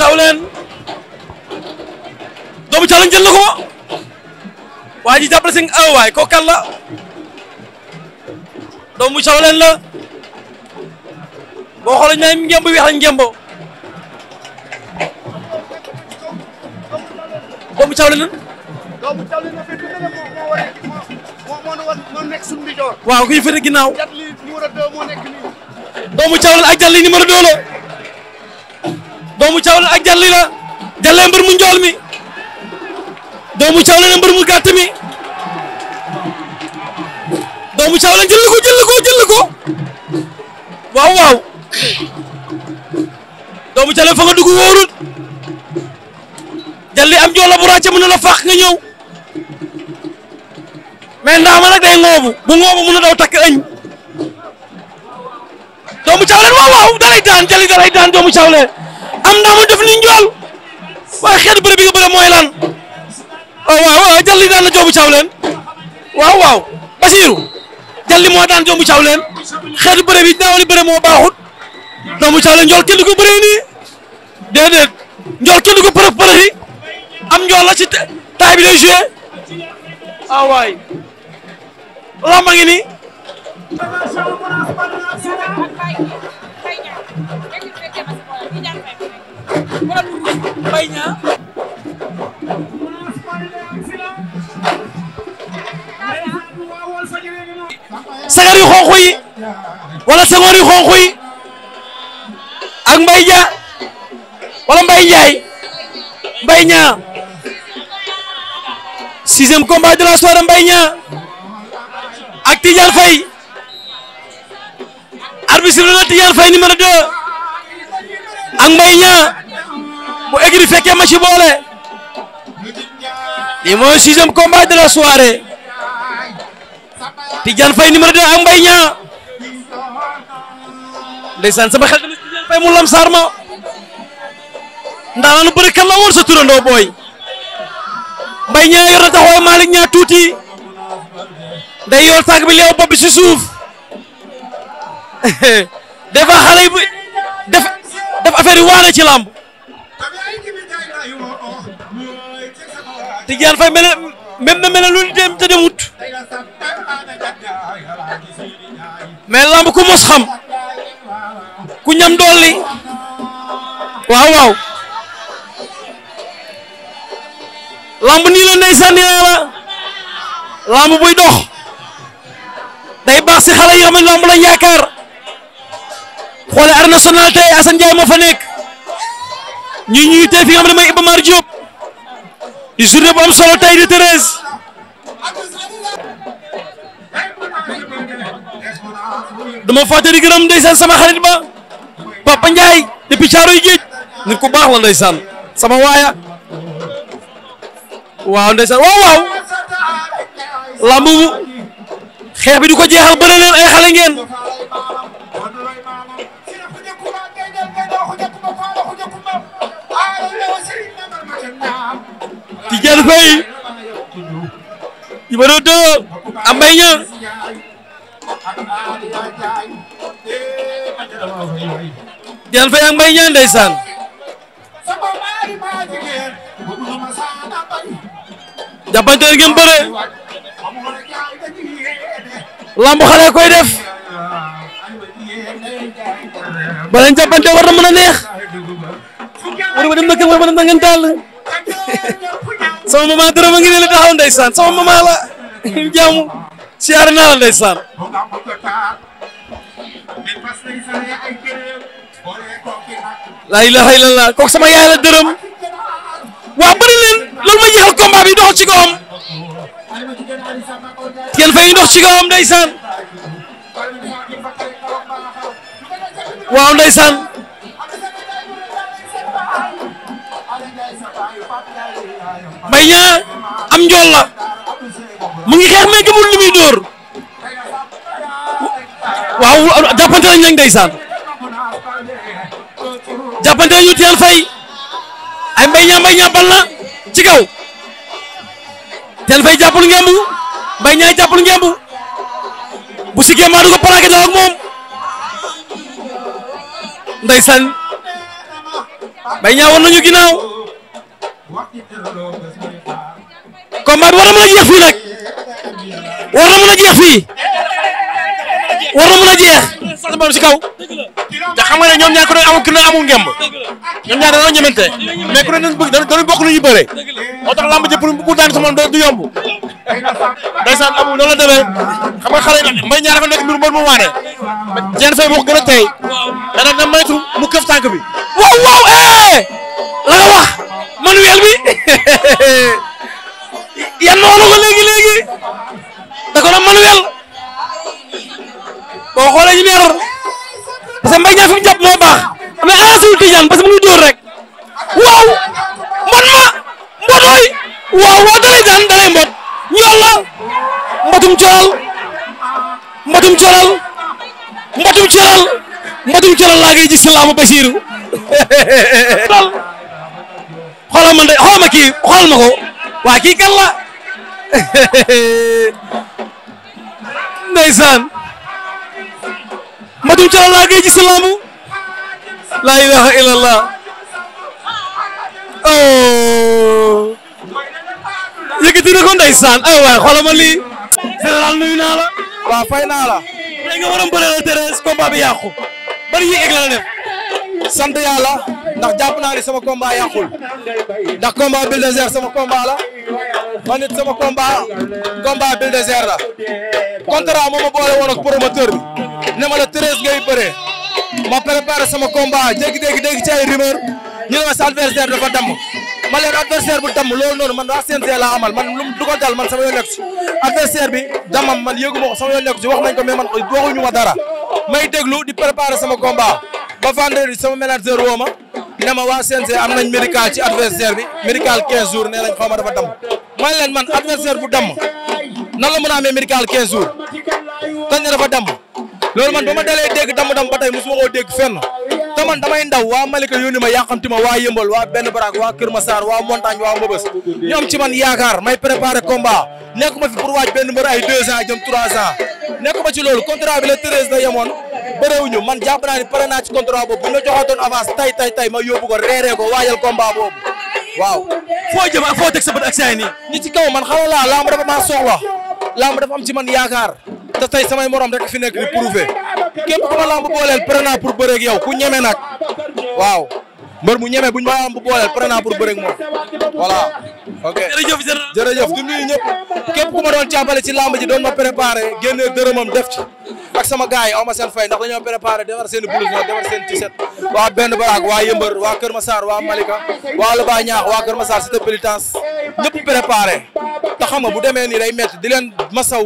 taw leen doomu caalañ jël na ko waa ji jàppale seen aw waay ko kan la doomu caw leen la boo xoolee ñu ne ngemb weex lañ ngembo doomu caw leen doomu caw leen moo nekk suñu ndijoor ginnaaw doomu caw ak jàll numéro 2 a jalli la jallee mbër mu njool mi doomu caw la mbër mu gàtt mi doomu caw la jël ko jël jël ko waaw waaw doomu caw la fa wóorut jalli am njool la bu ràcce na la faax nga ñëw mais ndax ma nag day ngoobu bu ngoobu mën na daw takk añ doomu caw la waaw dalay daan jalli dalay daan doomu caw am ndax def ni njool waaye xeetu bëre bi nga bëre mooy lan oh, waaw waaw jalli daan na joobu caw waaw waaw Basiiru jalli moo daan joobu caw leen xeetu bëre bi daawali bëre moo baaxut doomu caw njool kenn du ko bëree nii déedéet njool kenn përëx përëxi am njool la ci taay bi day joué ah, waaw Mbaye Niang sagar yu xonq yi wala ak Mbaye Dia wala Mbaye Ndiaye Mbaye Niang sixième combat de la soirée Mbaye ak Tidiane Faye arbitre bi sifflé na numéro 2 ak Mbaye Niang bu écrit fekkee ma ci boole lii mooy sixième combat de la soirée Tidiane Faye numéro 2 ak Mbaye Niang ndeysaan sama xel dama Tidiane Faye mu lam saar ma ndaanaanu bëri kan la woon sa turandoo booy Mbaye Niang yor na taxawaay Malick Niang tuuti day yor tànk bi leew bopp si suuf des fois affaire yi waane ci làmb Tidiane Faye mel même na mel dem te demut mais làmb ku mos xam ku ñam dolli waaw waaw làmb nii la ndeysaan la làmb buy dox day baax si xale yi xam ne làmb yaakaar. xoole arène nationale tey Assane Ndiaye moo fa nekk ñu fi nga xam ne mooy Iba Mar Diop di journée am solo tey di Thérèse dama fàtte di gërëm ndeysaan sama xarit ba Papa Ndiaye depuis Caaroy Géej nit ku baax la ndeysaan sama waaya waaw ndeysaan waaw waaw lambu xeex bi di ko jeexal bëre ay xale Tidiane Faye numéro 2 Amay Niang Tidiane Faye ak Mbaye Niang ndeysaan jàppante ngeen bëre lamb xale koy def bala jàppante war na mën a neex war ba dem na kër war ba dem na ngeen daal sama mama dërëm a ngi ne la taxaw sama mama la jaamu siyaare naa la ndeysaan laa ilaha illallah kooku sama yaay dërëm waa bëri leen loolu ma jeexal combat bi dox ci fay dox ci kawam waaw ndeysaan Boy Niang am njool la mu ngi xeex mais gëmul li muy dóor waaw jàppante nañ lañ ndeysaan jàppante nañu teel fay ay Mbaye Niang Mbaye Niang bal na ci kaw teel fay jàppul ngemb Mbaye Niang jàppul ngemb bu si gémmaa du ko plaqué daw ak moom ndeysaan Mbaye Niang war nañu ginnaaw combat bi war na mën a jeex fii nag war na mën a jeex fii war na mën a jeex sax moom si kaw te xam nga ne ñoom ñaar ku ne amul ku ngemb ñoom ñaar dañoo ñemente mais ku ne dañu bëgg dañu bokk lu ñu bëre moo tax lamb ji pour pour daan sama du yomb ndeysaan amul noonu la demee xam nga xale yi mbay ñaar dafa nekk mbir mbër mu waane Diène Faye moo gën a tey dana na maytu mu këf tànk bi salaamu Basiiru xool xoolal ma de xool waa kii kan la ndeysaan mbatum cala laa gëj laa ilaaha illallah oh yëkkati na ko ndeysaan ay waay xoolal ma lii naa la waaw fay naa la tey nga waroon bëree la Thérèse combat bi yàqu la def sant yàlla ndax jàpp naa ni sama combat yàqul ndax combat Bulldozer sama combat la man nit sama combat combat Bulldozer la contrat moo ma boole woon ak promoteur bi ne ma la treize ngay bëree ma préparé sama combat jékki-jékki dégg ci ay rumeur ñu ne ma sa adversaire dafa damm ma leen adversaire bu damm loolu noonu man waa CNG laa amal man lu ko dal man sama yoon nekk ci adversaire bi damam man yëgu ma ko sama yoon nekk ci wax nañ ko mais man waxuñu ma dara may déglu di préparé sama combat ba vendredi sama manager woo ne ma waa CNG am nañ médical ci adversaire bi médical 15 jours nañ xaw ma dafa damm man leen man adversaire bu damm nan la mën a amee médical 15 jours ne dafa damm loolu man ba ma dalee dégg damm-damm ba tey mosuma koo dégg fenn te man damay ndaw waa Malika yónni ma yàqamti ma waa Yëmbal waa Benn Baraak waa Kër Massar waa Montagne waa Mbëbës ñoom ci man yaakaar may préparer combat nekkuma fi pour benn mbër bëréewuñu man jàpp naa ni pare naa ci contrat boobu bu ñu joxoon avance tay tay tay ma ko ko waajal combat boobu waaw. foo jëm foo teg sa bët ak saa yi nii. ñi ci kaw man xamal laa lamb dafa maa soxla lamb dafa am ci man yaakaar te tay samay morom rek fi nekk di prouver képp ku ma lamb booleel pare naa waaw. mbër mu ñeme bu ñu ma am bu booleel pare naa pour bëre ak moom voilà. ok jërëjëf jërëjëf du nuyu ñëpp képp ku ma doon càppale ci làmb ji doon ma préparé génnee dërëmam def ci. ak sama gars yi aw ma seen fay ndax dañoo préparé defar seen blouse ñoo defar seen t waa benn baraag waa Yëmbër waa Kër Massar waa Malika waa Laba Ñaax waa Kër Massar cité Pelitence ñëpp préparé. te bu demee nii day métti di leen masaw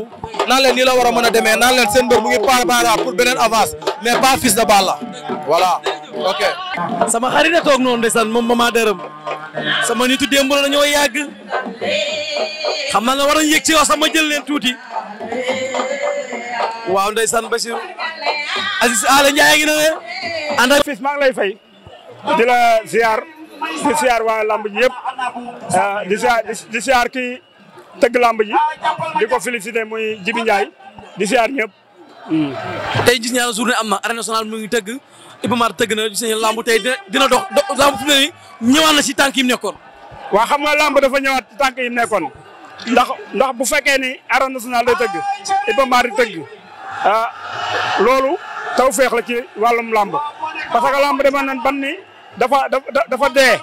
naan leen nii la war a mën a demee naan leen seen mbër mu ngi sama xarit a toog noonu ndeysaan moom maa dërëm sama nitu démb dañoo ñoo yàgg xam naa war nañu yëg ci yow sama jël leen tuuti waaw ndeysaan Bachir Aziz Aly Ndiaye ngi na ne ànd ak maa ngi lay fay di la ziar di ziar waa lamb yëpp ah, di ziar di ziar kii tëgg lamb ji di ko félicité muy Jibi Ndiaye di ziar ñëpp. tey gis ñaar journée am na arène nationale mu tëgg Iba Mar tëgg na seen lamb dina dina dox lamb fu mu ne nii na si tànk yi nekkoon. waa xam nga lamb dafa ñëwaat si tànk yi nekkoon ndax ndax bu fekkee ni arène nationale day tëgg Iba Mar di tëgg ah loolu taw feex la ci wàllum làmb parce que lamb defe nañ ban ni dafa dafa dee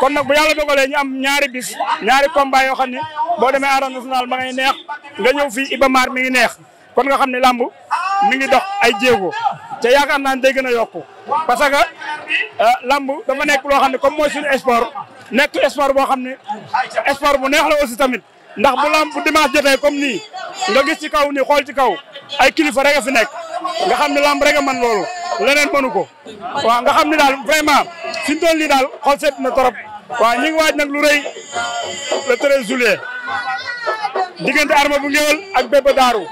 kon nag bu yàlla dogalee ñu am ñaari bis ñaari combat yoo xam ne boo demee arène nationale ma ngay neex nga ñëw fii Iba Mar mi ngi neex kon nga xam ne làmb mi ngi dox ay jéego. te yaakaar naa ne day gën a yokku parce que euh, lamb dafa nekk loo xam ne comme mooy suñu sport nekk sport boo xam ne sport bu neex la aussi tamit ndax bu lamb bu dimanche jotee comme nii nga gis ci kaw nii xool ci kaw ay kilifa rek a fi nekk nga xam ne lamb rek a mën loolu leneen mënu ko waa nga xam ne daal vraiment fi mu toll nii daal xool seet na trop waaw ñu ngi waaj nag lu rëy le 13 juillet diggante Arma bu Ngéwél ak Bébé Daaru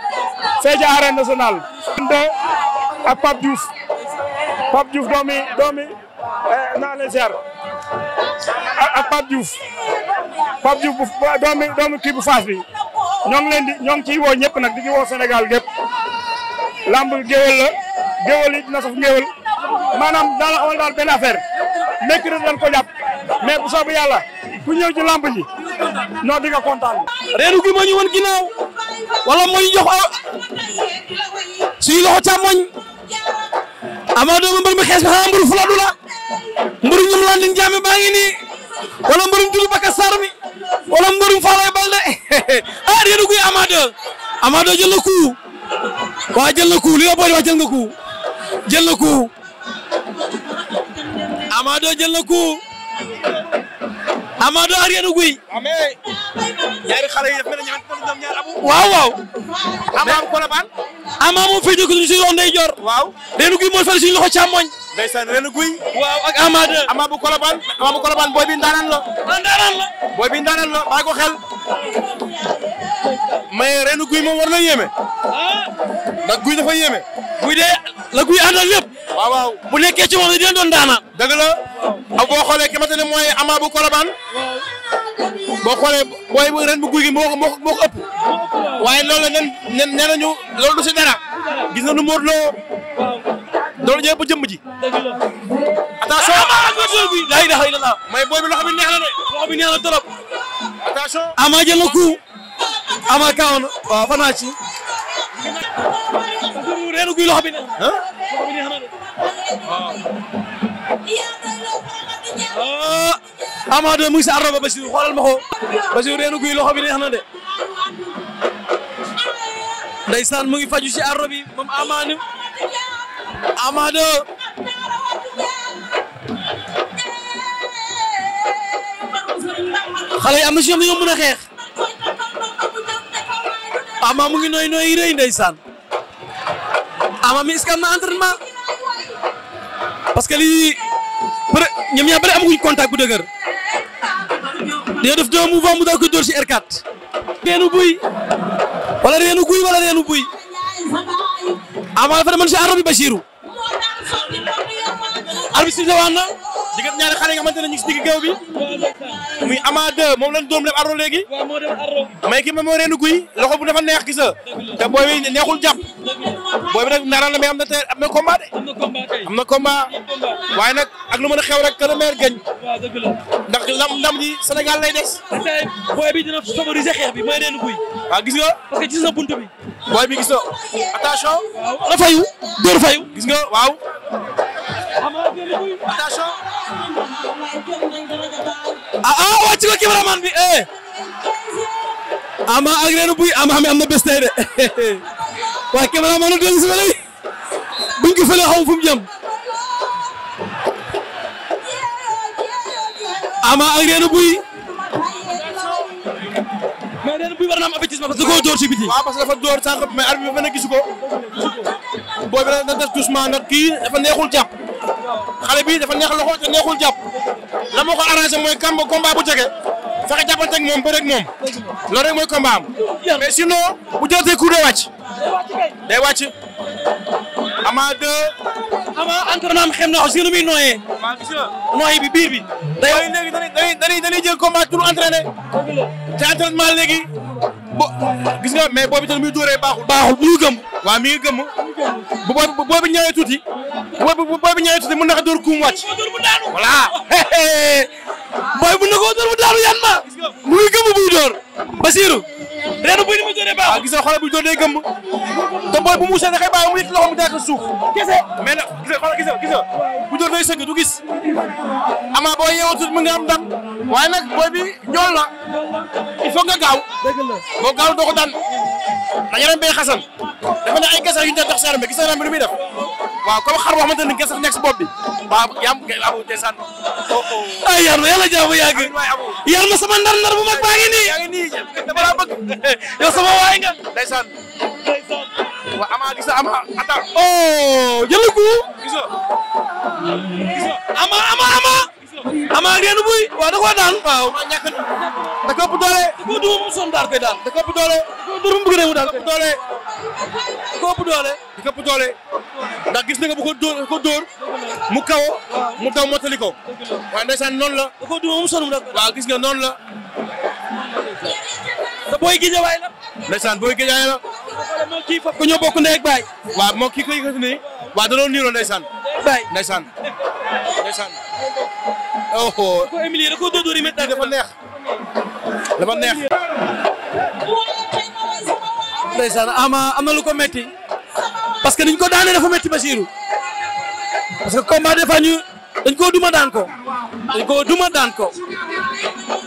fee ca arène ak Pape Diouf Pape Diouf doomi doomi eh, naa leen ziar ak Pape Diouf Pape Diouf doomi doomi kii bu Fass bi ñoo ngi leen di ñoo ngi ciy ñëpp nag di ci wo Sénégal gépp lamb géwél la géwél yi dina saf géwél maanaam daal xamal daal benn affaire mercredi dañ ko jàpp mais bu yàlla ku ñëw ci lamb ji non di nga kontaan. reenu gi moo ñu woon ginnaaw wala moo ñu jox suñu loxo càmmoñ Ama Dóor mbër mi xees bi xanaa mbëru fuladu la mbëru ñoom Landing baa ngi nii wala mbërum Baka Sarr mi wala mbërum Balde ah réeru guy Ama Dóor Ama Dóor jël na waa jël na coup li nga boole wax jël nga coup jël na Amadou ak Reenu Guy. ñaari xale yi daf mel ne ñoom ñaar amu. waaw waaw. Amaa mu Colobane. Amaa moom fay dëkk suñu si loxo ndey joor. waaw Reenu Guy moo fay suñu loxo càmmoñ. ndeysaan Reenu Guy. waaw ak Amaa bu Amaa bu Colobane booy bi ndaanaan la. ah ndaanaan la. booy xel. mais Reenu Guy moom war na yéeme. Ah. ndax Guy dafa yéeme. Guy de la Guy àndal lépp. waaw waaw bu nekkee ci moom dina doon daana dëgg la boo xoolee ki ma ne mooy Ama bu Colobane boo xoolee booy bu ren bu guy gi moo ko moo ko ëpp waaye loolu nen nen nee nañu loolu du si dara gis nga nu Modou Lo loolu ñëpp jëmm ji. attention Ama ak bi la ilaha illallah may booy bi loxo na ren guy loxo bi Ah, Ama Baldé mu ngi si ardo ba Basiru xoolal ma ko Basiru reenu guy loxo bi neex na de ndeysaan mu ngi faju ci ardo bi moom Ama Ama Baldé xale yi am na si ñoom dañoo mën a xeex Ama mu ngi nooy nooy rëy ndeysaan Ama mi est-ce que am na entraînement parce que li peut ñoom ñaa bëri amaguñ contact bu dëgër dañoo def deux mouvement mu daal koy dóor ci R4. buy wala reenu guy wala reenu buy Ama dafa demoon ci arrobi Bachirou. arbitre sifflé waan na diggante ñaari xale nga xamante ne ñu ci digg géew bi muy Ama 2 moom lañ doom def arro léegi. may ki moom moo reenu guy loxo bu dafa neex gis nga te booy bi neexul jàpp. booy bi nag naral am na tey am na combat de. na combat kay am na combat. waaye nag ak lu mën a xew rek que le maire ndax lam lam ji Sénégal lay des. booy bi dina favoriser xeex bi may leen buy. a gis nga. a que gis na buntu gis nga attention. waaw la fayu dóor fayu. gis ah, ah, bi eh. ama ak leen buy ama am na bés waaye caméra maa ngi dellu si ba léegi buñ ko fëlee xaw fu mu jëm. Ama ak Reenu Buy. mais Reenu Buy war na am avertissement parce que koo door ci biti. waaw parce que dafa door sànq mais arbitre bi ba ne gisu ko. bi dafa def doucement nag kii dafa neexul jàpp. xale bi dafa neex loxo te neexul jàpp. la moo ko arrangé mooy kamba combat bu jege. fexe jàppante ak moom ba rek moom. loolu mooy combat am. mais sinon bu jotee coup de wàcc. day wàcc. ama deux. ama entraînement xam na aussi nu muy nooyee. maa gis nga. nooy bi biir bi. day waaye léegi dañuy dañuy dañuy jël combat pour entraîner. te entraînement léegi. bo gis nga mais boobu itam muy dóoree baaxul. baaxul bu gëm. waaw mi gëm. bu boobu boobu tuuti. boobu boobu ñëwee tuuti mën na ko dóor kuum wàcc. voilà. booy bu na ko bu daanu yan ma. muy gëm buy dóor. Basirou. reenu bu ni mu doonee baaxul. waaw ah, gis nga xoolal bu ñu doonee gëmm. te booy bu mu usee dafay bàyyi mu yëkkati loxo mu daal suuf. kese mais nag gis nga xoolal gis nga gis nga bu doon doy sëgg du gis. ama boo yeewoo tuuti mu ngi am ndam. waaye nag booy bi ñool la. il faut nga gaaw. dëgg la boo gaaw doo ko daan. dañu leen bay xasan. dafa ne ay gasa yu ñu doon dox seen gis nga ren bi lu muy def. waaw comme xar boo xamante ne gerte nekk si bopp bi. waaw yaa am kay abu desaan. Oh, oh. ay yar na yàlla jaamu yàgg. yar na sama ndar-ndar bu mag baa ngi nii. yaa ngi nii dama laa bëgg. yow sama waay nga. ndeysaan. ndeysaan. waaw oh, Ama Ama Ama Ama Ama. buy waaw da koo daan waaw. ñàkk na da ko ëpp doole. da koo duma mu sonn daal koy daan da ko ëpp doole. da mu bëgg a mu daal doole. da ko ëpp doole. da ko ëpp doole. ndax gis na nga bu ko dóor ko dóor mu kaw mu daw ko. waaw ndeysaan noonu la. da koo duma mu sonn mu daal waaw gis nga da booy géejawaay la. ndeysaan booy géejawaay la. moo kii foofu ñoo bokk ndey ak baay. waaw moo kii koy yëkkati nii. waaw da doon niiroo ndeysaan. baay ndeysaan. ndeysaan. oh oh. ko Émilie da koo dóor dóor métti dafa neex. dafa neex. ndeysaan ama am na lu ko métti. parce que niñ ko daanee dafa métti Basiirou. parce que combat des fois ñu dañ koo duma daan ko. dañ koo duma daan ko.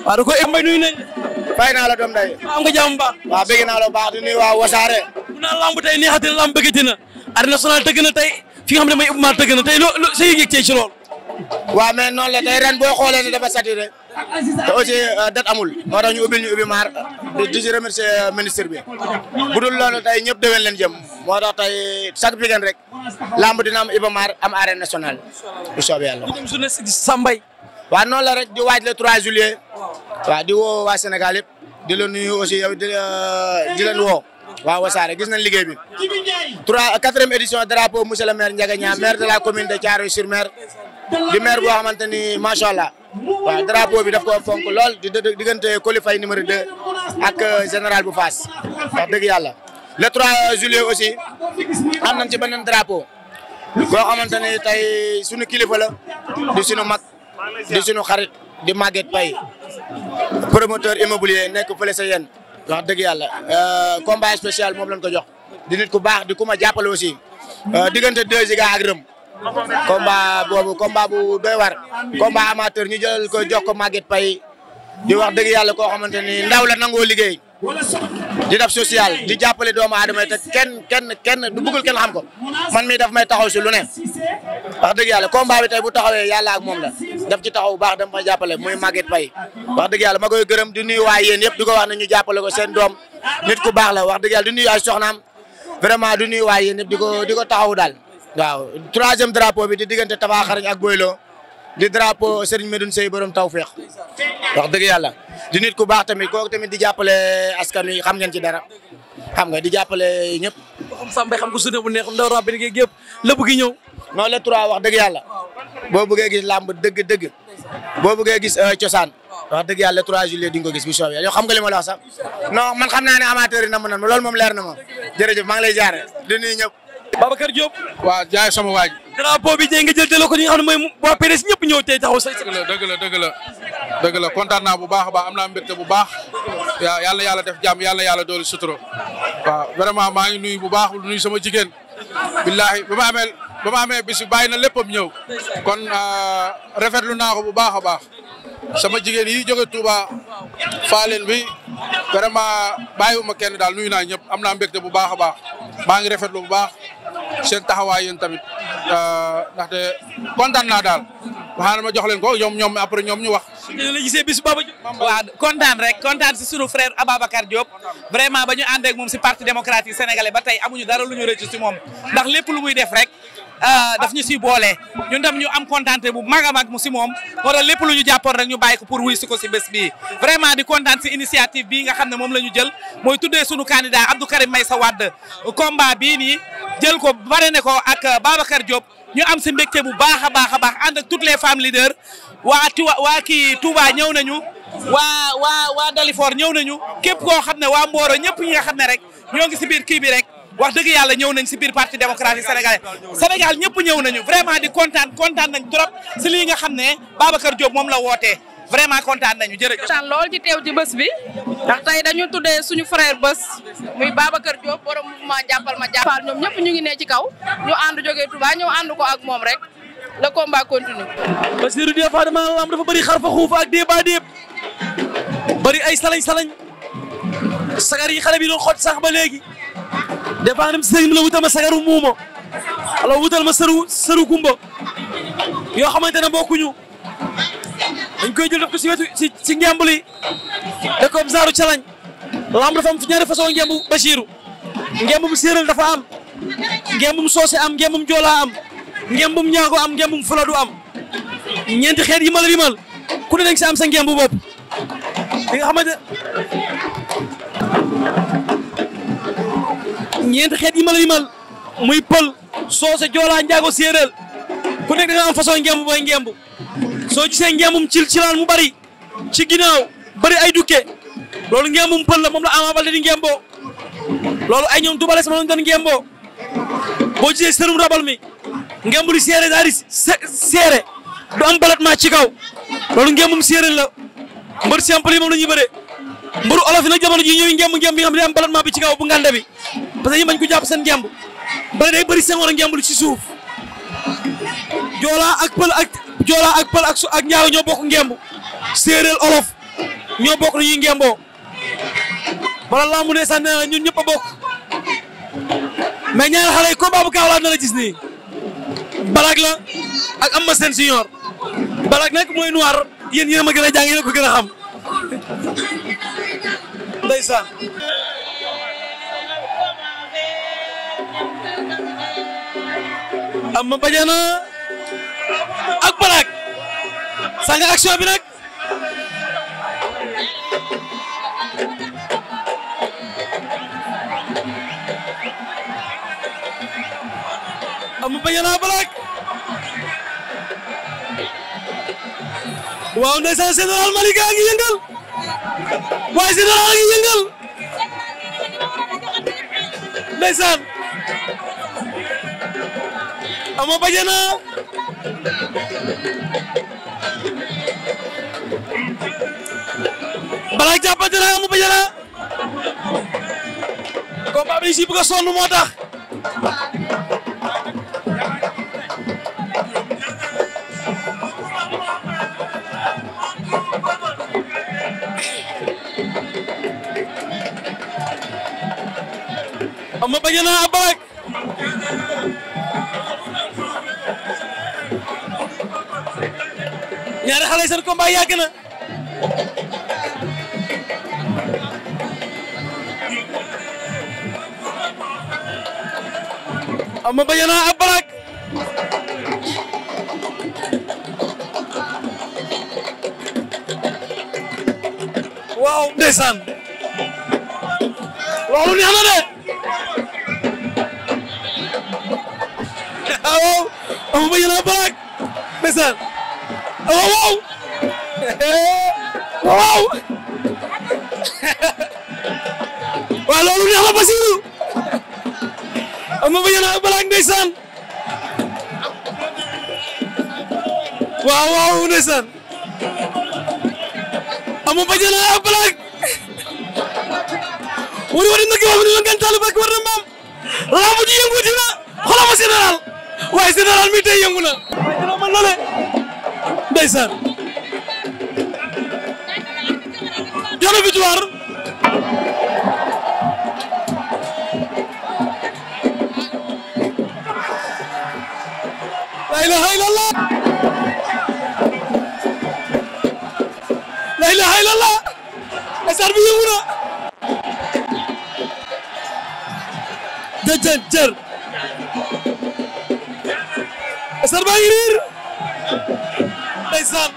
waaw da ko mbay nuyu nañ. fay naa la doom day am nga jàmm baax waaw bëgg naa la baax di nuyu waa wasaare mu naa lamb tey neexati na lamb bëggati na arène nationale tëgg na tey fi nga xam ne may ubbi maa tëgg na tey loo loo sa yëg-yëg tey ci loolu waaw la tey ren boo xoolee ne dafa saturé te aussi euh, date amul moo tax ñu ubbil ñu ubbi maar di ci remercier euh, ministre bi bu dul loolu tey ñëpp déwén leen jëm moo tax tey chaque weekend rek lamb dina am Iba Maar am arène nationale Sambay waaw noonu la rek di waaj le 3 juillet waaw di woo waa Sénégal yëpp di la nuyu aussi yow di euh, di leen woo waaw Wassare gis nañ liggéey bi. trois quatrième édition drapeau monsieur le maire Ndiaga Niang maire de la commune de Thiaroye-sur-Mer di maire boo xamante ni macha allah waaw drapeau bi daf ko fonk lool di diggante qualifié numéro 2 ak euh, général bu fas wax dëgg yàlla. le 3 juillet aussi am nañ ci beneen drapeau boo xamante ni sunu kili la di sunu mag. di suñu xarit di Maguette Paye promoteur immobilier nekk fële sa yéen wax dëgg yàlla euh, combat spécial moom lañ ko jox di nit ku baax di ku ma jàppale aussi euh, diggante deux Giga ak Reum combat boobu combat bu doy war combat amateur ñu jël ko jox ko Maguette Paye di wax dëgg yàlla koo xamante ni ndaw la nangoo liggéey di def social di jàppale doomu aadama te kenn kenn kenn du bëggul kenn xam ko man mii daf may taxaw si lu ne wax dëgg yàlla combat bi bu taxawee yàlla ak moom la daf ci taxaw bu baax dama may jàppale muy Maguette Faye wax dëgg yàlla ma koy gërëm di nuyu waay yéen yëpp di ko wax ne ñu jàppale ko seen doom nit ku baax la wax dëgg yàlla di nuyu ay soxnaam vraiment di nuyu waay yéen yëpp di ko di ko taxaw daal waaw troisième drapeau bi di diggante Tafa Xarañ ak Boylo di drapeau Serigne Medoune Seye borom tawféex wax dëgg yàlla di nit ku baax tamit kooku tamit di jàppale askan wi xam ngeen ci dara xam nga di jàppale ñëpp. xam Samba xam ko suñu bu neex ndaw rabbi gi yëpp la bëgg ñëw. non le trois wax dëgg yàlla boo bëggee gis làmb dëgg dëgg boo bëggee gis euh, cosaan wax dëgg yàlla le trois juillet di nga ko gis bu soobee xam nga li ma la wax sax non man xam naa amateur na mu nan loolu moom leer na ma jërëjëf maa ngi lay jaare di ñëpp. Babacar drapeau bi dee nga jël delloo ko ñi nga xam ne mooy waa PDS ñëpp ñëw tey taxaw say. dëgg la dëgg la dëgg la dëgg la kontaan naa bu baax a baax am naa bu baax yàlla na yàlla def jàmm yàlla na yàlla doolu sutura waaw vraiment maa ngi nuyu bu baax nuyu sama jigéen billahi ba ma amee ba amee bis bàyyi na léppam ñëw kon euh, rafetlu naa ko bu baax a baax sama jigéen yi jóge Touba faaleen bi vraiment bàyyiwuma kenn daal nuyu naa ñëpp am naa mbégte bu baax a baax maa ngi rafetlu bu baax seen taxawaay yéen tamit euh, ndaxte kontaan naa daal waxaana ma jox leen ko ñoom ñoom après ñoom ñu wax. dina la gisee bis Baba Diop. waaw kontaan rek kontaan si sunu frère Ababacar Diop. vraiment ba ñu ànd ak moom si parti démocratique sénégalais ba tey amuñu dara lu ñu rëcc si moom ndax lépp muy def rek. Euh, daf ñu siy boole ñun tam ñu am contenté bu mag a mag mu si moom moo lépp lu ñu jàppoon rek ñu bàyyi ko pour wuy si ko si bés bii vraiment di kontaan si initiative bii nga xam ne moom la ñu jël mooy tuddee sunu candidat Abdou Karim Meïssa Wade combat bii nii jël ko bare ne ko ak Babacar Diop ñu am si mbégte bu baax a baax a baax ànd ak toutes les femmes leaders waa Tuwa waa kii Touba ñëw nañu waa waa waa Dalifor ñëw nañu képp koo xam ne waa Mboro ñëpp ñi nga xam ne rek ñoo ngi si biir kii bi rek wax dëgg yàlla ñëw nañ si biir parti démocratique sénégalais Sénégal ñëpp ñëw nañu vraiment di kontaan kontaan nañ trop si lii nga xam ne Babacar Diop moom la wootee vraiment kontaan nañu jërëjëf. kontaan lool ci teew ci bés bi ndax tey dañu tuddee suñu frère bés muy Babacar Diop borom mouvement jàppal ma jàppal ñoom ñëpp ñu ngi ne ci kaw ñu ànd jógee Touba ñëw ànd ko ak moom rek le combat continue. Bassirou Diop Fadama am dafa bëri xar fa xuufa ak débat déeb bëri ay salañ salañ xale bi doon xot sax ba léegi des fois dem si sëriñ bi la wutal ma sagaru muuma wala xamante ne bokkuñu dañ koy jël def ko si wetu si si ngemb da ko zaaru calañ lamb dafa am ñaari façon ngemb Bachiru ngembum séeréer dafa am ngembum soose am ngembum joolaa am ngembum ñaago am ngembum fuladu am ñeenti xeet yi mal rimal ku si am sa ñeenti xeet yi ma la limal muy pël soose joolaa njaago séeréer ku nekk da nga am façon ngemb booy ngemb soo gisee ngembum ci cilaan mu bari ci ginnaaw bari ay dukke loolu ngembum pël la moom la Ama Baldé di ngemboo loolu ay ñoom dubale sama lañu doon ngemboo boo gisee sërum rabal mi ngembul séeré daal di séeré du am balat ma ci kaw loolu ngembum séeréer la mbër simple yi la ñuy mburu olof yi nag jamono ji ñëw ngemb ngemb yi nga xam ne am ballonnement bi ci kaw bu ngande bi parce que ñu bañ ko jàpp seen ngemb bari day bëri seen war a ngemb lu ci suuf joolaa ak pël ak joolaa ak pël ak su ak ñoo bokk ngemb séeréel olof ñoo bokk nañuy ngemboo bala laa ne sax ñun ñëpp a bokk mais ñaari xale yi combat bu kaawlaat na la gis nii balak la ak am ma seen senior balak nag mooy noir yéen yéen a ma gën a jàng yéen a ko gën ndeysaan Ama Badiane ak Black sanga action bi nag ngi yëngal waaye général a ngi yëngal ndeysaan ama baje na balaa jàppante na ama baje na combat bi si bëgg a sonn moo tax ma bañ a naa abba rek ñaari xale seen combat yàgg na ama bañ a naa abba rek waaw ndeysaan loolu neex na de ama ba yéen a baraag ndeysaan waaw waaw waaw waaw loolu neex na Basiru ama ba yéen a baraag ndeysaan waaw waaw ndeysaan ama ba yéen a baraag wari wari nag yow ni la ngantalu bak war na mbaam laamu ji yëngu dina xoolal ma général waaye général mi tey yëngu na waaye dina mën lale ndeysaan yoonu victoire la ilaha illallah la ilaha bi yëngu na jëjëjër Assane baa ngi riir ndeysaan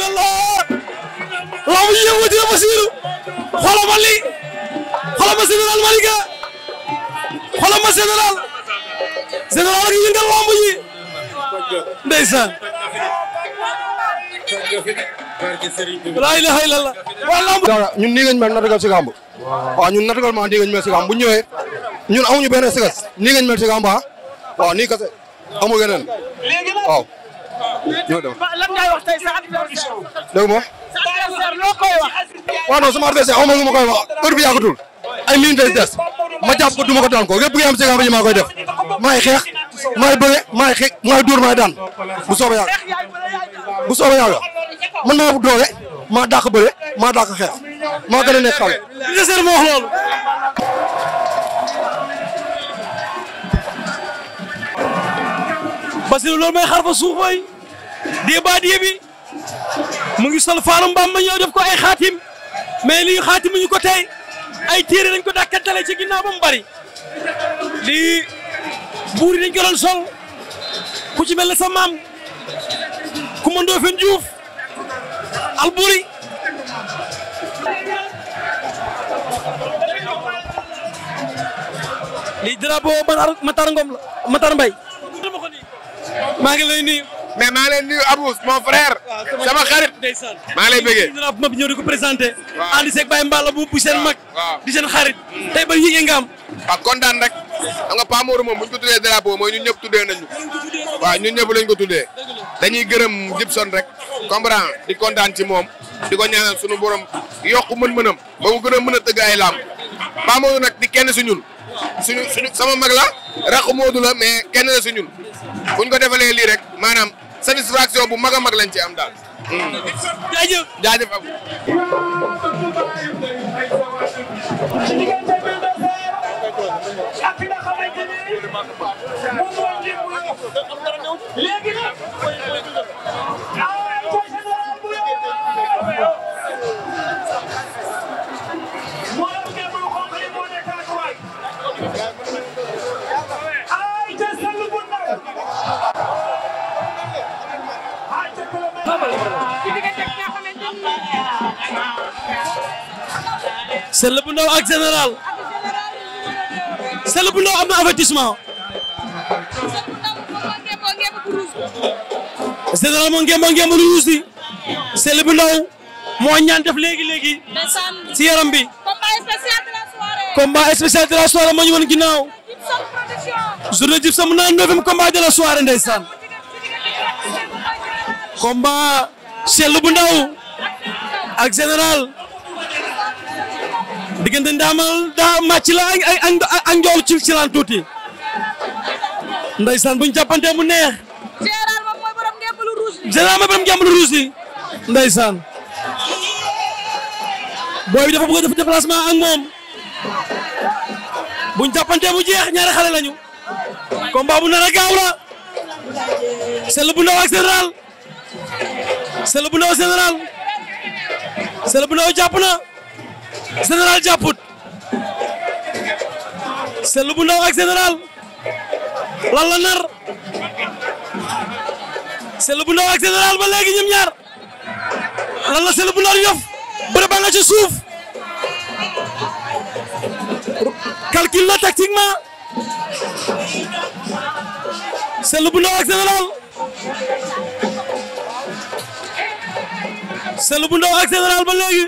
illallah laa mu yéemu dina Basiiru xoolal ma lii xoolal ma général Malika xoolal ma général général ak yëngal lamb yi ndeysaan laa ilaaha illallah waa lamb ñun nii nga ñu mel natugal si ñu si gàmb bu ñëwee ñun amuñu benn sigas nii nga ñu mel si gàmb ah. waaw nii kase amul yeneen waaw ñoo doon lan ngay wax tey sa adversaire. dégg nga. sa koy wax. waaw non sama adversaire xaw ma nu ma koy wax heure bi yàggatul koy def maay xeex maay bëre maay xeex maay daan bu soobee yàlla bu soobee yàlla mën naa doole maa dàq bëre maa dàq xeex maa gën a nekk xale. adversaire moo wax loolu. may xar fa suuf bay. débat bi mu ngi sol faanu mbaam ma ñëw def ko ay xaatim mais lii xaatim ñu ko tey ay téere dañ ko dàkkantale ci ginnaaw ba mu bari lii buur yi dañ sol ku ci mel ne sa maam ku ma Ndofène Diouf Alburi lii drapeau Matar Ngom la maa ngi lay mais maa leen nuyu Abous mon frère. sama xarit maa lay bëggee. ma bi ñëw di ko présenté. waaw ànd seeg Baye Mballa bu bu seen mag. di seen xarit. tey ba yëgee nga am. waaw kontaan rek. xam nga Pa Mourou moom bu ñu ko tuddee drapeau mooy ñun ñëpp tuddee nañu. waaw ñun ñëpp lañ ko tuddee. dañuy gërëm Djibson rek. comprend di kontaan ci moom. di ko ñaanal sunu borom yokk mën-mënam. ba mu gën mën a tëgg ay làmb Pa Mourou di kenn si ñun. suñu suñu sama mag la raq Modou la kenn la si ñun ko defalee lii rek maanaam satisfaction bu mag a mag lañ ci am daal. Hmm. jaajëf jaajëf Sele bu ndaw ak général Sele bu ndaw am na avertissement général moo ngeen moo ngeen mënu ruus di Sele bu ndaw moo ñaan def léegi léegi si yaram bi combat spécial de la soirée moo ñu woon ginnaaw journée Djibson mu naan neuvième combat de la soirée ndeysaan combat seetlu bu ndaw ak général diggante ndaamal daa màcc la ak ak ak njool ci ci laan tuuti ndeysaan buñ jàppante mu neex. général moom mooy borom ngemb lu ruus yi. général mooy borom ngemb lu ruus yi a xale lañu combat bu nar a gaaw la bu ndaw ak général. Sélé bu Ndaw général Sélé bu Ndaw jàpp na général jàpput Sélé bu Ndaw ak général lan nar Sélé bu Ndaw ak général ba léegi ñoom ñaar lan la bu Ndaw yof bëre ba nga ci suuf calcul la tactiquement Sélé bu Ndaw ak général Sélé bu ndaw ak général ba léegi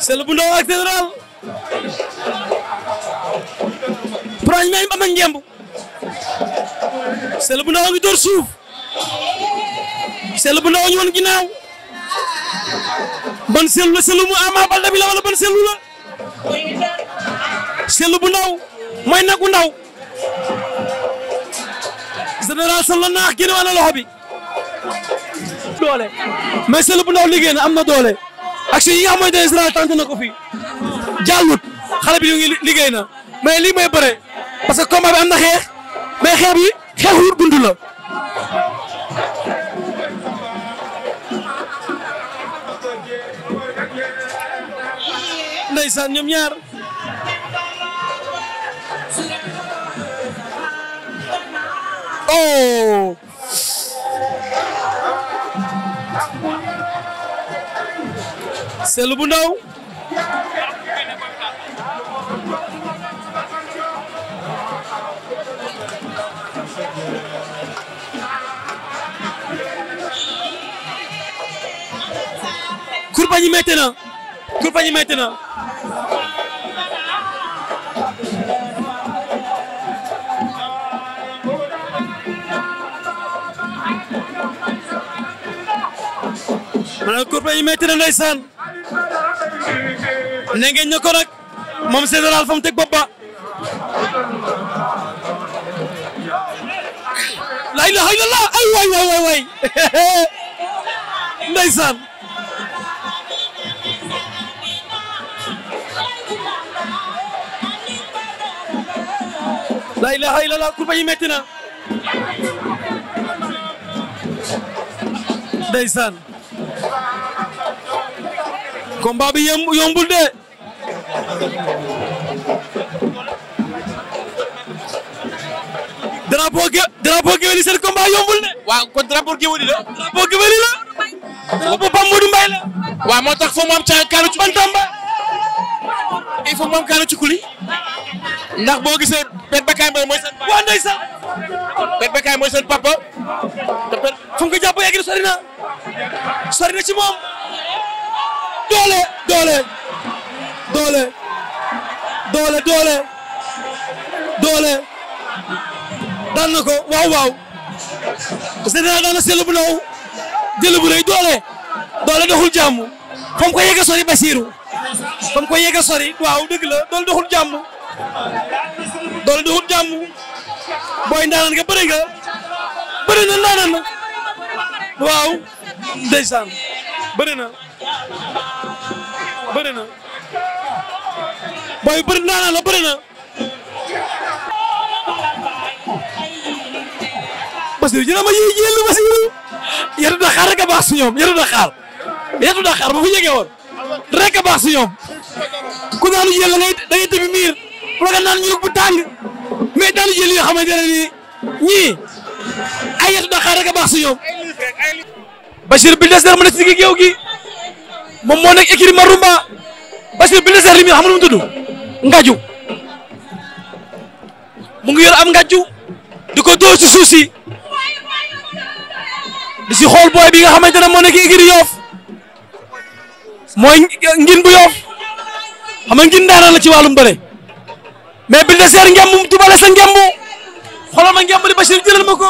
Sélé bu ndaw ak général Poroñ meñ ba ma ngemb Sélé bu ndaw ngi door suuf Sélé bu ndaw ñu woon ginnaaw ban Sélé la Sélé mu Ama Baldé bi la wala ban Sélé la Sélé bu ndaw mooy nag bu ndaw général Sélé naax génne wala loxo bi doole mais selu liggéey na am na doole action yi nga xamante ne Zira na ko fi jàllut xale bi liggéey na mais lii may bëre parce que combat bi am na xeex mais xeex wut bunt la. ndeysaan ñoom ñaar. Oh. Selu bu ndaw kurpañ yi métti na kurpañ yi métti na ma ne kurpañ yi métti na ndeysaan ne ngeen ñu moom général fa mu teg bopp ba la ilaha ay waay waay waay waay ndeysaan la ilaha illallah kurba yi metti yombul de drapeau ge drapeau géwéli seen combat yombul ne. waaw kon drapeau géwéli la. drapeau géwéli la. drapeau Pape Modou Mbaye la. waaw moo tax foo mu am kaanu ci Bantamba. il faut mu am kaanu ci kuli. ndax boo gisee Pet Bakaay mooy mooy seen papa. te Pet fu mu ko jàppee egg sori na. sori na ci moom. doole doole. doole doole doole doole daan na ko waaw waaw Zeyna daan na seetlu bu ndaw doole doole doxul jàmm fam ko yegg sori Basiru fam ko yegg sori waaw dëgg la doole doxul jàmm doole doxul jàmm booy ndaanan nga bëri nga bëri na ndaanan na waaw ndeysaan bëri na bëri na booy bëri naa la bëri na. Basiru dina ma yéey jël Basiru yatu Dakar rek a baax si ñoom yatu Dakar yatu Dakar bu fi yegee woon rek a baax si ñoom ku daanu jël da ngay da ngay tëbi nga xamante ne nii ay yatu Dakar rek a baax si ñoom. Basiru bi des na mën a gi moom moo nekk écurie Marumba. Bachir Buldozer li muy xam lu mu tudd ngaju mu ngi yor am ngaju di ko dóor si suuf si di si xool booy bi nga xamante ne moo nekk igiri yoof mooy ngin bu yoof xam nga ngin daana la ci wàllum bëre mais Buldozer ngemb tubale sa ngemb xoolal ma ngemb li Bachir jëlal ma ko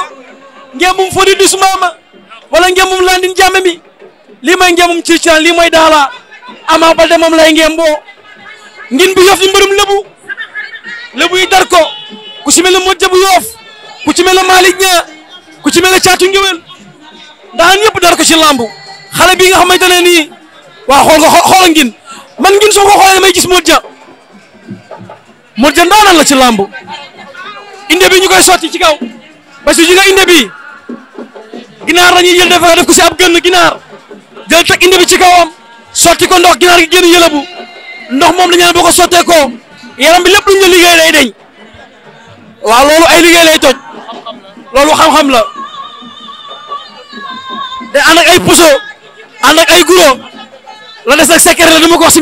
ngembum fodi dus maama wala ngembum landin jàmme mi lii mooy ngembum ci ci lii mooy daala Ama Baldé moom lay ngemboo ngin bu yoof di mbërëm lëbu lëbu yi dar ku ci mel ne bu yoof ku ci mel ne Malick Niang ku ci mel ne Caatu Ngewel daan yëpp dar ci lambu xale bii nga xamante ne nii waa xool ngin man ngin soo ko xoolee damay gis Modja Modja ndaanaan la ci lambu inde bi koy sotti ci kaw parce que ji nga ginaar la ñuy jël def def ko ci ab gën ginaar jël teg inde ci kawam. sotti ko ndox ginaar gi génn yëlëbu ndox moom dañu ne boo ko sottee ko yaram bi lépp luñ la liggéey lay deñ waaw loolu ay liggéey lay toj loolu xam-xam la te ànd ay puso ànd ay guro la des ak la dama ko wax si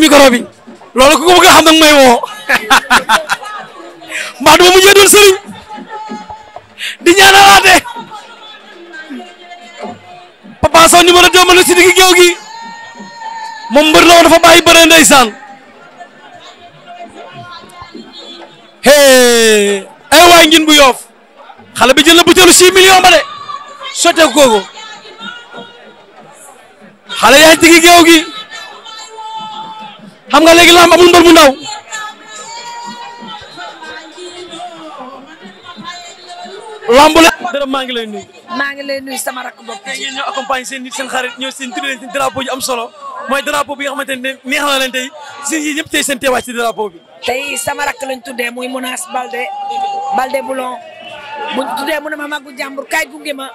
loolu ku ko bëgg xam nag may woo mbaa dama mujjee doon sëriñ di ñaanalaate Papa Sow numéro 2 ma ne si digg géew gi. moom mbër la woon dafa bàyyi bëre ndeysaan hey ay waay ngin bu yoof xale bi jël na butéelu 6 millions ba de sotteeku kooku xale yaa ngi digg géew gi xam nga léegi lamb amul ndaw. lamb la. dërëm maa ngi lay nuyu. maa ngi lay nuyu sama rakk bopp. tey ngeen ñoo accompagner seen nit seen xarit ñoo seen tuddee seen drapeau am solo mooy drapeau bi nga xamante ne neex na leen tey seen yi ñëpp tey seen teewaay ci drapeau bi. tey sama rakk lañ tuddee muy Mounas Balde Balde bu ñu tuddee ma ne ma magu jàmbur kaay gunge ma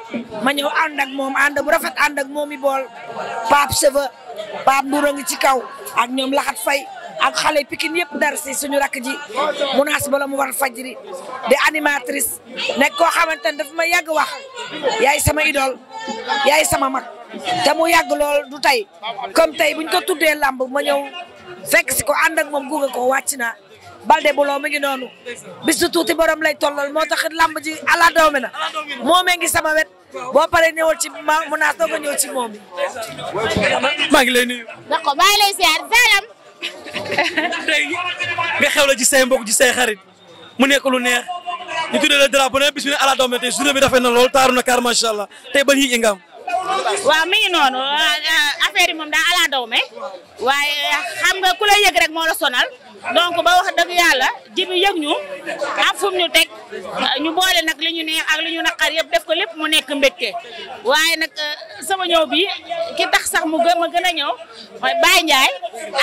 ma ñëw ànd ak moom ànd bu rafet ànd ak moom i bool Pape Cheva Pape Ndour a ngi ci kaw ak ñoom Laxat Fay ak xale pikin yëpp dara si suñu rakk ji munaas bala mu war fajri di animatrice nekk koo xamante ne dafa ma yàgg wax yaay sama idole yaay sama mag te mu yàgg lool du tey comme tey buñ ko tuddee làmb ma ñëw fekk ko ànd ak moom gunge ko wàcc naa Balde buloo mi ngi noonu bis tuuti borom lay tollal moo tax làmb ji ala doomi moo mee ngi sama wet boo paree ñëwal ci ma mun naa maa ngi lay nuyu. maa ngi tey nga xew la ci say mbokk ci say xarit mu nekk lu neex ñu tuddee la drapeau ne bis bi ne ala doom tey journée bi na lool taar na kaar macha allah tey ban yëg nga waaw mi ngi noonu affaire yi moom daa ala daw me waaye xam nga ku la yëg rek moo la sonal donc ba wax dëgg yàlla jibi yëg ñu am fu ñu teg ñu boole nag li ñu neex ak li ñu naqar yëpp def ko lépp mu nekk mbégte waaye nag euh, sama ñëw bi ki tax sax mu gën ma gën a ñëw mooy Baye Ndiaye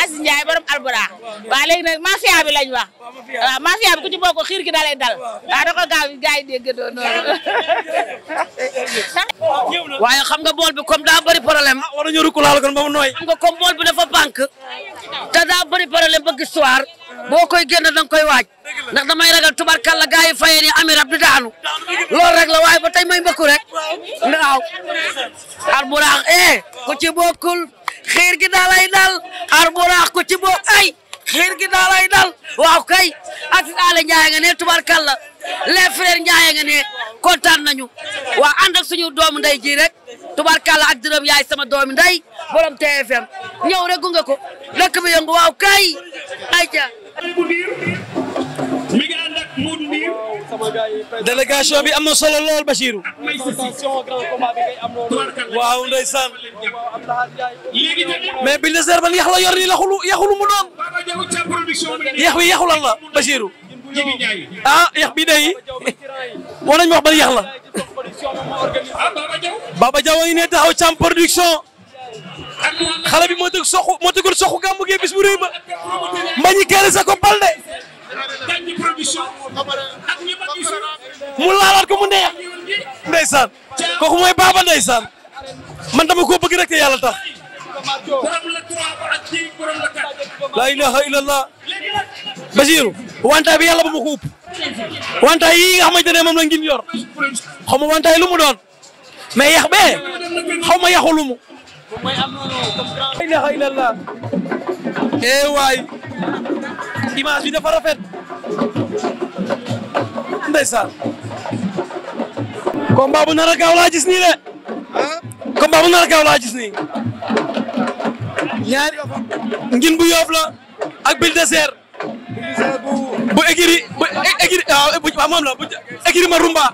Aziz Ndiaye borom albura waaw léegi nag mafia bi lañ wax waaw mafia bi ku ci bokk xiir gi da dal waaw da ko gaaw gars dégg doon noonu waaye xam nga nga bool bi comme daa bëri problème. ah war bool bi dafa bank te daa bëri problème ba histoire boo koy génn da koy waaj ndax damay ragal tubarkalla gars yi fayee ni ami rab di daanu loolu rek la waaye ba tay may mbëkku rek waaw arburaax eh ku ci bokkul xiir gi daa lay dal arburaax ku ci bokk ay xiir gi daa lay dal waaw kay Aziz Aly Ndiaye nga ne tubarkalla les frères Ndiaye kontaan nañu waaw ànd ak suñu doomu nday ji rek tubarkalla ak dërëm yaay sama doomi nday borom TFM ñëw rek gunge ko dëkk bi yëngu waaw kay ayca mi délégation bi am na solo lool Bachirou. waaw ndeysaan. mais biñ la seer ban yàq la yor nii yàqulu yàqulu mu doon. yàq wi yàqu lan la Bachirou. ah yàq bi day war nañu wax ban yàq la. Ah, Baba Diaw a ngi ne taxaw cam production. xale bi moo tëgg soxu moo tëggul soxu gàmmu gi bis bu rëy ba. mbañi sa ko bal de. gàññi production ak ñi mag yi suñu mu laalaat ko mu neex ndeysaan kooku mooy baaba ndeysaan man dama te yàlla tax borom la trois ba ak kii borom la quatre laa ilaha illallah Basiru bi yàlla ba ma ko upp wantaay yi nga xamante ne moom la ngin yor xaw ma wantaay lu mu doon mais yax bee xaw ma yaxu lu laa ilaha illallah ee eh waay image bi dafa rafet ndeysaan combat bu nar gaaw laa gis nii de combat bu nar gaaw laa gis nii ñaari ngin bu yoof la ak bil deser bu egiri bu egiri waaw ah, ah, moom la egiri ma rumba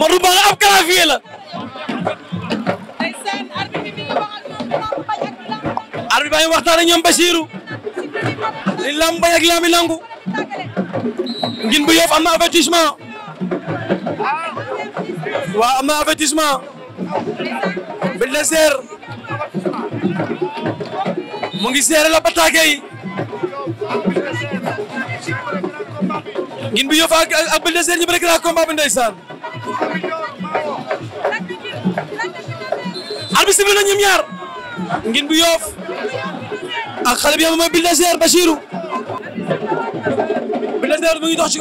waaw oh, la ab kalafiye la arbitre baa ngi ñoom Basiru li lamb bañ nangu ngin bu yoof am avertissement waaw am mu ngi seere la bataake ngin bu yoof ak ak bi la seer ñu bëri grand combat bi ndeysaan arbitre bi ngin bu yoof ak xale bi mooy Bulldozer Basiru Bulldozer mu ngi dox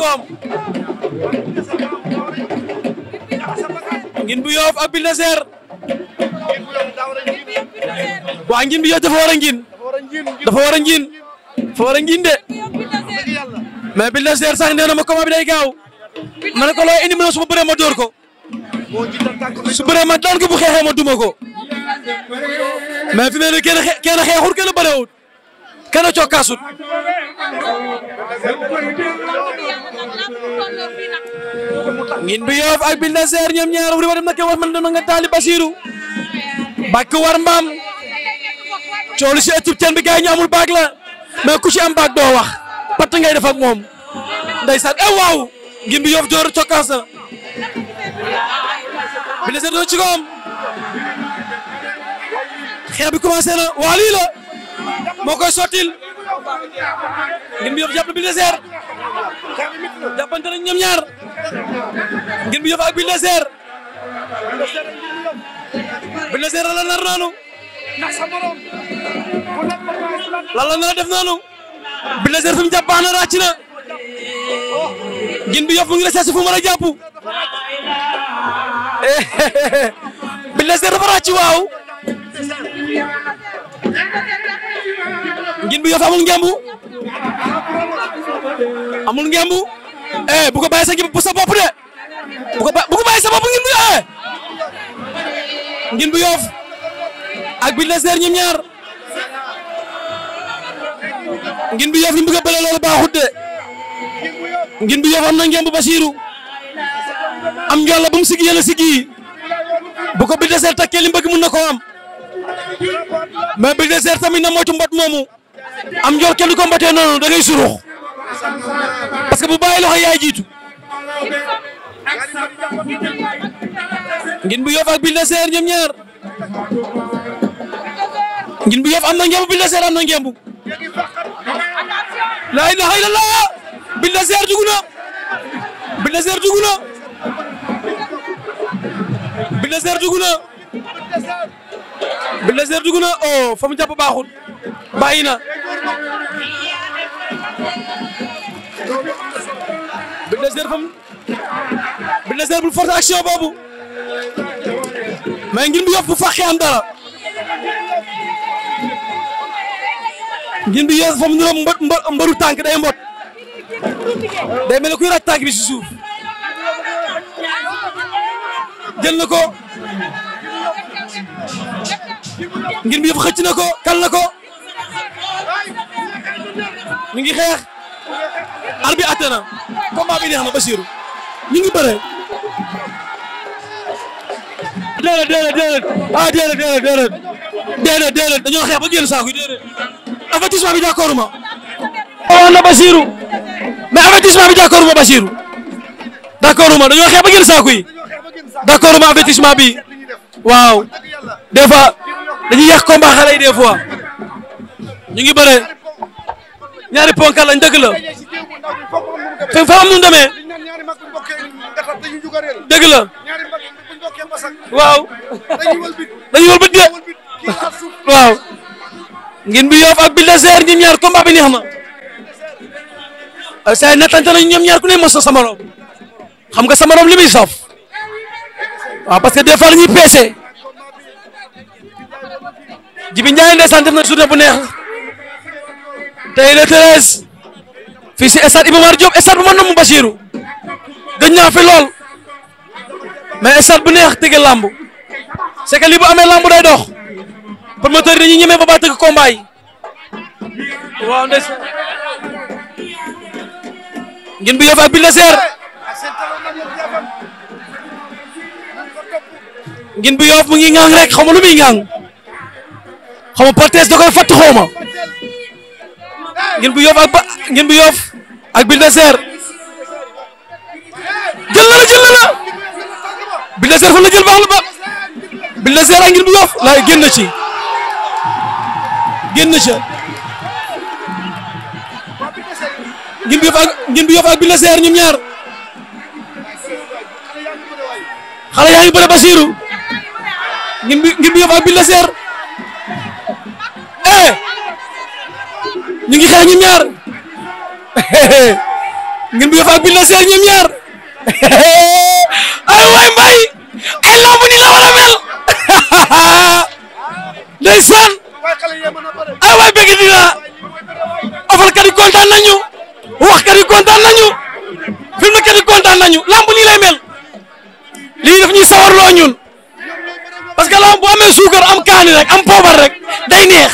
ngin bu yoof ak Bulldozer waa ngin bu yoof dafa war a ngin dafa war a ngin dafa war ngin de mais Bulldozer sax nee na ma comment bi gaaw ma ne ko indi ma ne ma bëree ma dóor ko su ma daan ko bu xeexee ma duma ko mais fi mu ne kenn kenn xeexul kenn bëreewul kenn cokkaasut ngin bu yoof ak Buldozer ñoom ñaar wuri dem na ke war man dana nga taali Basiru war mbaam coolu si ëttub teen bi gars amul baag la mais ku ci am doo wax patt ngay def ak moom ndeysaan eh waaw ngin bu yoof door cokkaas na Buldozer doo ci koom xeex bi commencé na waa lii la moo koy sottil ngir bi yëf jàpp na Buldozer jàppante nañ ñoom ñaar ngir bi yëf ak Buldozer Buldozer la nar noonu lan la nar def noonu Buldozer fi jàpp baax na ràcc na ngir bi yëf mu ngi recherche fu mu mën a jàpp eh, waaw ngin bu Yoff amul ngembu amul ngembu eh bu ko bàyyi bu sa de bu ko bu ngin bu eh ngin bu Yoff ak bi la seer ñaar ngin bu Yoff li mu baaxut de ngin bu Yoff am na ngembu Basiru am njolla bu mu sigi yéen a sigi bu ko bi la mun na koo mais Buldozer tamit na moytu mbot moomu am njool kenn ko mbatee noonu da ngay surux parce que bu bàyyi loxo yaay jiitu ngin bu Yoff ak Buldozer ñoom ñaar ngin bu Yoff am na ngembu Buldozer am na ngembu laa ilaaha illallaah Buldozer dugg na Buldozer dugg na bi Lazer dugg na oh fa mu jàpp baaxul bàyyi na bi Lazer fa mu bi Lazer bul force boobu mais ngir bu yóbbu fàqee am dara ngir bi yóbbu fa mu niroog mbë day mbot day mel ne kuy raj bi si suuf na ko. ngir bi yëpp xëcc na ko kal na ko mi ngi xeex ar bi atte na combat bi neex na Basiru ñu ngi bëre déedéet déedéet déedéet ah déedéet déedéet déedéet déedéet déedéet dañoo xeex ba génn saako yi déedéet avertissement bi d'accord ma woon na Basiru mais avertissement bi d'accord ma Basiru d'accord ma dañoo xeex ba génn saako yi d'accord ma avertissement bi waaw des fois dañuy yàq combat xale yi des fois ñu ngi bëre ñaari ponkal lañ dëgg la te fa am nu mu demee dëgg la waaw dañuy wëlbit de waaw ngin bi yoof ak Bulldozer ñoom ñaar combat bi neex na say nattante nañu ñoom ñaar ku ne mos na sama room xam nga sama room li muy soof waaw parce que des fois dañuy peese Jibi Ndiaye ndeysaan def na journée bu neex tey le treize fii si stade Iba Mar Diop bu mën na mu Bachirou gëj naa fi bu neex tëgg làmb c'est que lii bu amee làmb day dox promoteur yi dañuy ñemee ba ba tëgg combat yi waaw ndeysaan ngeen bu yëf ak Bulldozer ngin bu yoof mu ngi ngang rek xaw ma lu muy ngang xaw ma Pathès da koy fatt xaw bu yoof ak ba jël na la jël na la Buldozer jël baax la ba Buldozer ak bu yoof laay génn ci génn ca ngeen bu yoof ak bu yoof ak Buldozer ñoom ñaar xale yaa ngi bëre Basiru bu yoof ak Buldozer ñu ngi xeex ñoom ñaar ngeen bëgg faak bi la seer ñoom ñaar ay waay mbay ay lamb ni la a mel ndeysaan ay waay bëgg dina afalkat yi nañu waxkat yi kontaan nañu film na kat yi nañu lamb nii lay mel lii daf ñuy sawarloo ñun parce que lamb suukar am kaani rek am poobar rek day neex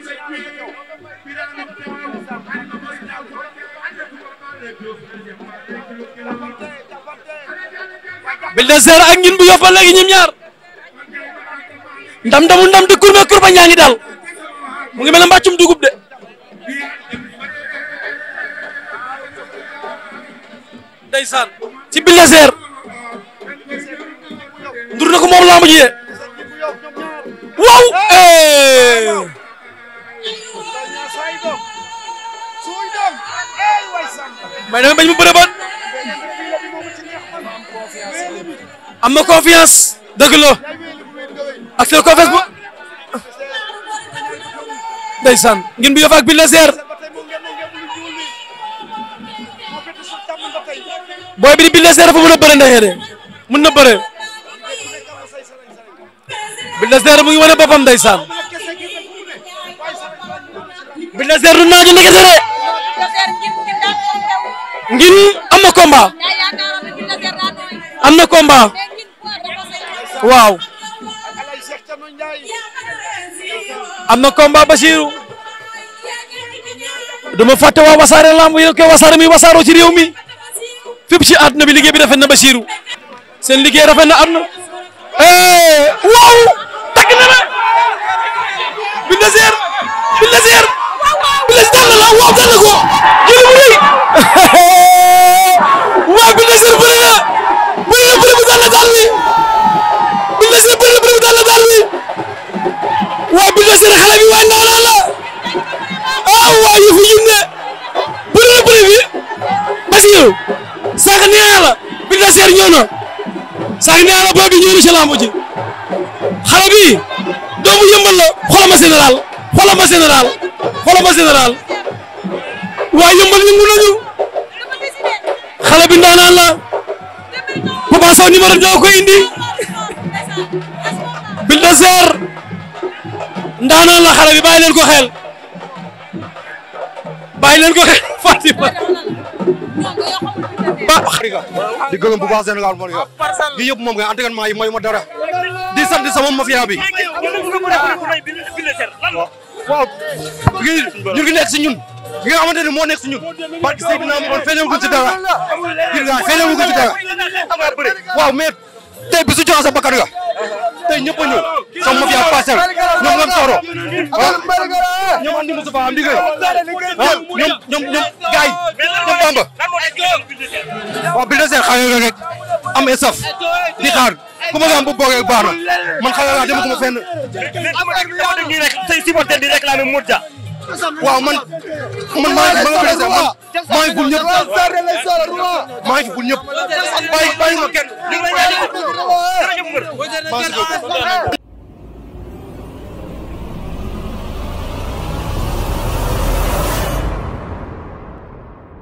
Buldozer ak ñun bu yoppal léegi ñim ñaar ndam ndamul ndam di kurme kurba ñaa ngi dal mu ngi mel ne dugub de ndeysaan ci Buldozer ndur na ko moom lamb ji de dëgg la ak seen confesse bi yof ak bi booy bi di bi laser dafa mën a bëre ndaxee de mën na bëre mu ngi wane boppam ndeysaan bi laser du naaju ndeke sere ngir am na combat am na combat waaw am na combat Basiru dama fàtte waa wasaare lamb yéen koy wasaare mi wasaaroo ci réew mi fépp ci àdduna bi liggéey bi rafet na Basiru seen liggéey rafet na am na waaw takk na la bi laser bi laser bi laser daan na la waaw daan na ko jëli bu rëy waaw bi laser bëri na bëri na bëri bu daan na daan wi waaye bu dee seen xale bi waaye ndaanaan la ah waaye yëfu ñu ne bu dee bëri bi Basiirou sànq nee naa la bi dee seer ñëw na sànq nee naa la booy bi ñëw na ci lamb ji xale bi doomu yëmbal la xolama général xolama général xolama général waaye yëmbal yëngu nañu xale bi ndaanaan la Papa Sow numéro 2 ko indi bi dee seer ndaanaan la xale bi bàyyi leen ko xel bàyyi leen ko xel Fatima di gërëm bu baax Sénégal moo nga gi yëpp moom nga entraînement yi mayu ma dara di sant sama mafia bi waaw gi ñun gi nekk si ñun gi nga xamante ne moo nekk si ñun parce que Seydina Mohamed feeñewuñ ci dara gis nga feeñewuñ ci dara waaw mais tey bisu a sa bakkan nga tey ñëpp a ñëw sama mafia parcelle ñoom ñoom Sooro ah ñoom andi Moussa Fall am liggéey ah. ñoom ñoom ñoom ñoom Bamba waaw bi rek am esaf di xaar ku ma bu boogee baax man xale laa dematuma fenn. tey di réclamer Modou waaw man man maa ngi maa ngi maa ngi bul ñëpp maa ngi bul ñëpp bàyyi bàyyi ma kenn